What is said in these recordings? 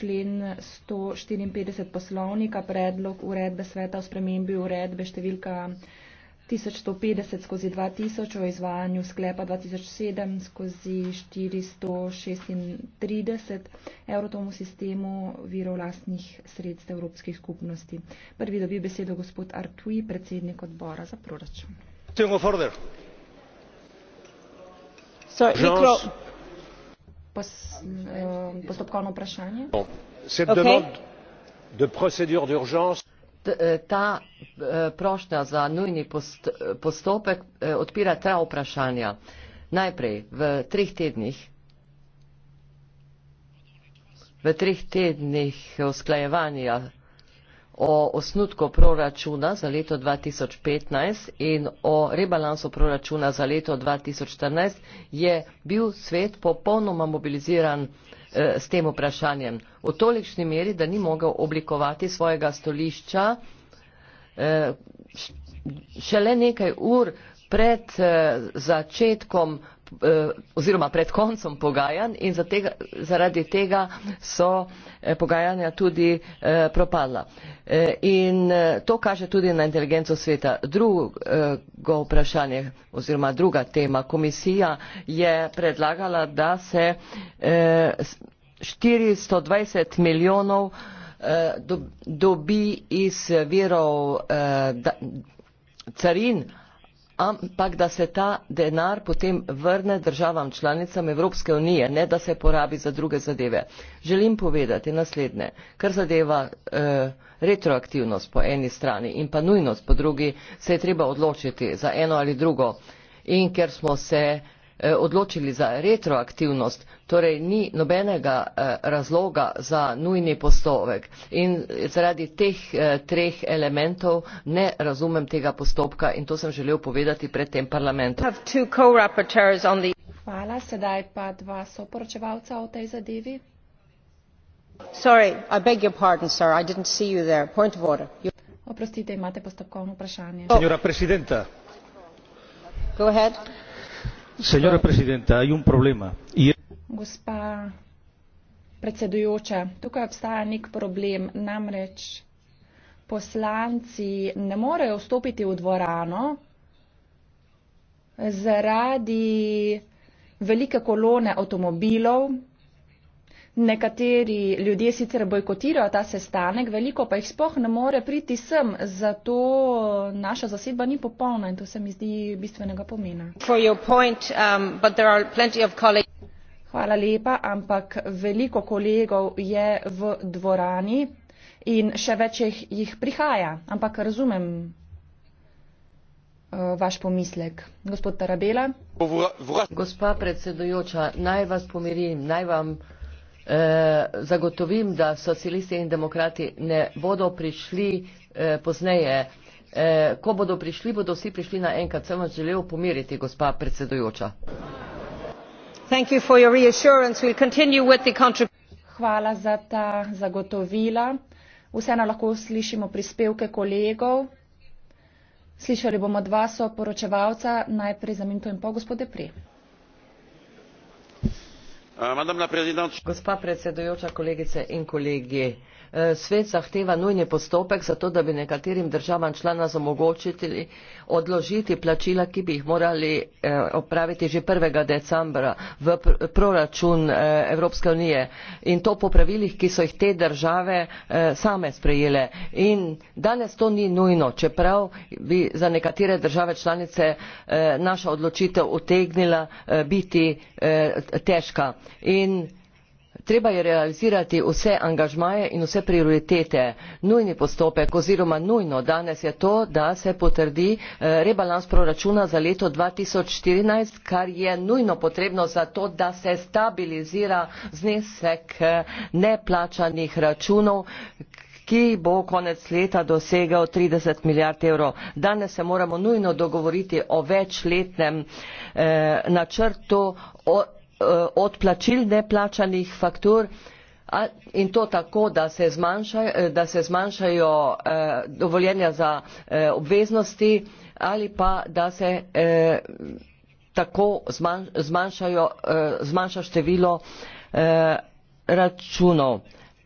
člen 154 poslovnika, predlog uredbe sveta o spremembi uredbe številka 1150 skozi 2000 o izvajanju sklepa 2007 skozi 436 evrotomu sistemu virov lastnih sredstev Evropskih skupnosti. Prvi dobi besedo gospod Artui, predsednik odbora za proračun. Sir, Eh, postopkovno vprašanje. No. Okay. Eh, ta eh, prošnja za nujni postopek odpira tra vprašanja. Najprej v treh tednih v treh tednih usklajevanja o osnutku proračuna za leto 2015 in o rebalansu proračuna za leto 2014 je bil svet popolnoma mobiliziran eh, s tem vprašanjem. V tolikšni meri, da ni mogel oblikovati svojega stolišča eh, šele nekaj ur pred eh, začetkom Eh, oziroma pred koncem pogajanj in zaradi tega so eh, pogajanja tudi eh, propadla. In to kaže tudi na inteligenco sveta. Drugo vprašanje oziroma druga tema. Komisija je predlagala, da se 420 milijonov dobi iz virov carin ampak da se ta denar potem vrne državam članicam Evropske unije, ne da se porabi za druge zadeve. Želim povedati naslednje, kar zadeva eh, retroaktivnost po eni strani in pa nujnost po drugi, se je treba odločiti za eno ali drugo. In ker smo se Eh, odločili za retroaktivnost, torej ni nobenega eh, razloga za nujni postopek. In zaradi teh eh, treh elementov ne razumem tega postopka in to sem želel povedati pred tem parlamentom. Hvala, sedaj pa dva soporočevalca o tej zadevi. Sorry, I beg your pardon, sir. I didn't see you there. Point of order. You... Oprostite, imate postopkovno vprašanje. Oh. Go ahead. Uh, Señora presidenta, hay un problema. Y... Gospa predsedujoča, tukaj obstaja nek problem. Namreč poslanci ne morejo vstopiti v dvorano zaradi velike kolone avtomobilov, Nekateri ljudje sicer bojkotirajo ta sestanek, veliko pa jih spoh ne more priti sem, zato naša zasedba ni popolna in to se mi zdi bistvenega pomena. Um, Hvala lepa, ampak veliko kolegov je v dvorani in še več jih prihaja, ampak razumem uh, vaš pomislek. Gospod Tarabela. Gospa predsedujoča, naj vas pomirim, naj vam pomirim. Eh, zagotovim, da socialisti in demokrati ne bodo prišli eh, pozneje. Eh, ko bodo prišli, bodo vsi prišli na enkrat. Sem vas želel pomiriti, gospa predsedujoča. Hvala za ta zagotovila. Vseeno lahko slišimo prispevke kolegov. Slišali bomo dva soporočevalca, najprej za minuto in pol, gospod Depri gospa predsedujoča kolegice in kolegi e, svet zahteva nujni postopek zato da bi nekaterim državam članicam omogočili odložiti plačila ki bi jih morali e, opraviti že prvega decembra v proračun e, evropske unije in to po pravilih ki so jih te države same sprejele in danes to ni nujno čeprav bi za nekatere države članice naša odločitev utegnila biti težka in treba je realizirati vse angažmaje in vse prioritete nujni postopek oziroma nujno danes je to da se potrdi eh, rebalans proračuna za leto dva tisoč štirinajst kar je nujno potrebno zato da se stabilizira znesek eh, neplačanih računov ki bo konec leta dosegel trideset milijard evrov. danes se moramo nujno dogovoriti o večletnem eh, načrtu o, Eh, od plačil neplačanih faktur in to tako, da se, zmanjša, eh, da se zmanjšajo eh, dovoljenja za obveznosti ali pa da se tako zmanjša število računov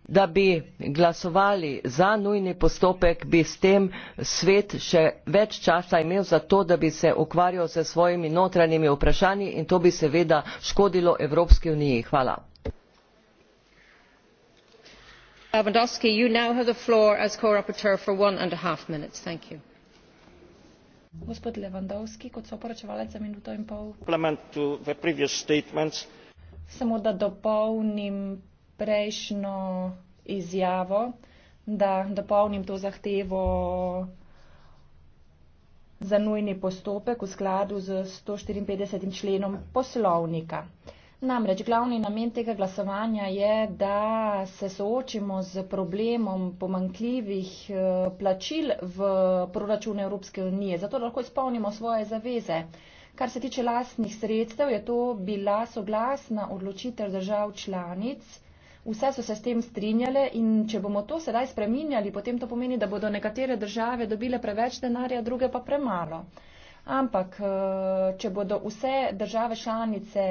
da bi glasovali za nujni postopek, bi s tem svet še več časa imel za to, da bi se ukvarjal se svojimi notranjimi vprašanji in to bi seveda škodilo Evropski uniji. Hvala. Gospod Levandovski, kot so poročevalec za minuto in pol. Samo da dopolnim prejšnjo izjavo, da dopolnim to zahtevo za nujni postopek v skladu z 154. členom poslovnika. Namreč glavni namen tega glasovanja je, da se soočimo z problemom pomankljivih eh, plačil v proračune Evropske unije, zato lahko izpolnimo svoje zaveze. Kar se tiče lastnih sredstev, je to bila soglasna odločitev držav članic Vse so se s tem strinjale in če bomo to sedaj spreminjali, potem to pomeni, da bodo nekatere države dobile preveč denarja, druge pa premalo. Ampak, eh, če bodo vse države članice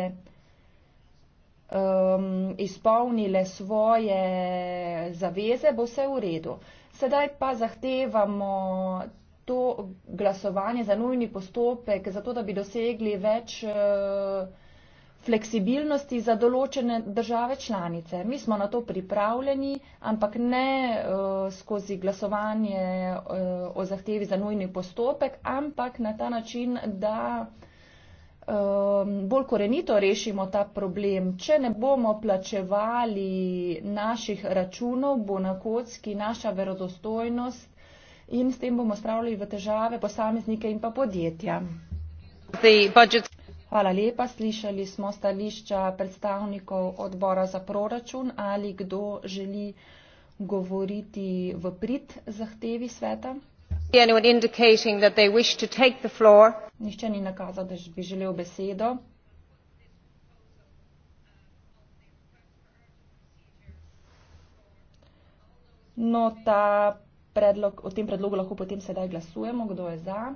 um, izpolnile svoje zaveze, bo vse v redu. Sedaj pa zahtevamo to glasovanje za nujni postopek, zato da bi dosegli več. Uh, fleksibilnosti za določene države članice. Mi smo na to pripravljeni, ampak ne eh, skozi glasovanje eh, o zahtevi za nujni postopek, ampak na ta način, da eh, bolj korenito rešimo ta problem. Če ne bomo plačevali naših računov, bo na kocki naša verodostojnost in s tem bomo spravili v težave posameznike in pa podjetja. The budget Hvala lepa. Slišali smo stališča predstavnikov odbora za proračun. Ali kdo želi govoriti v prid zahtevi sveta? Nihče ni nakazal, da bi želel besedo. No, predlog, o tem predlogu lahko potem sedaj glasujemo. Kdo je za?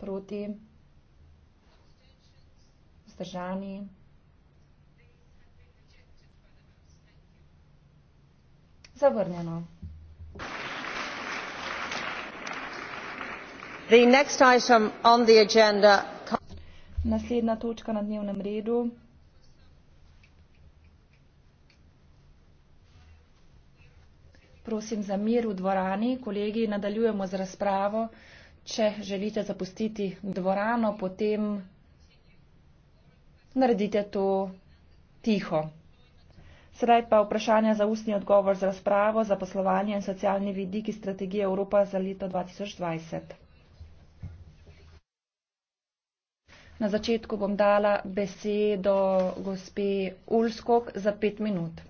proti, vzdržani. Zavrnjeno. The next item on the agenda... Naslednja točka na dnevnem redu. Prosim za mir v dvorani. Kolegi, nadaljujemo z razpravo. Če želite zapustiti dvorano, potem naredite to tiho. Sedaj pa vprašanje za ustni odgovor za razpravo za poslovanje in socialni vidik iz strategije Evropa za leto 2020. Na začetku bom dala besedo gospe Ulskog za pet minut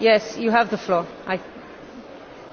you have the floor.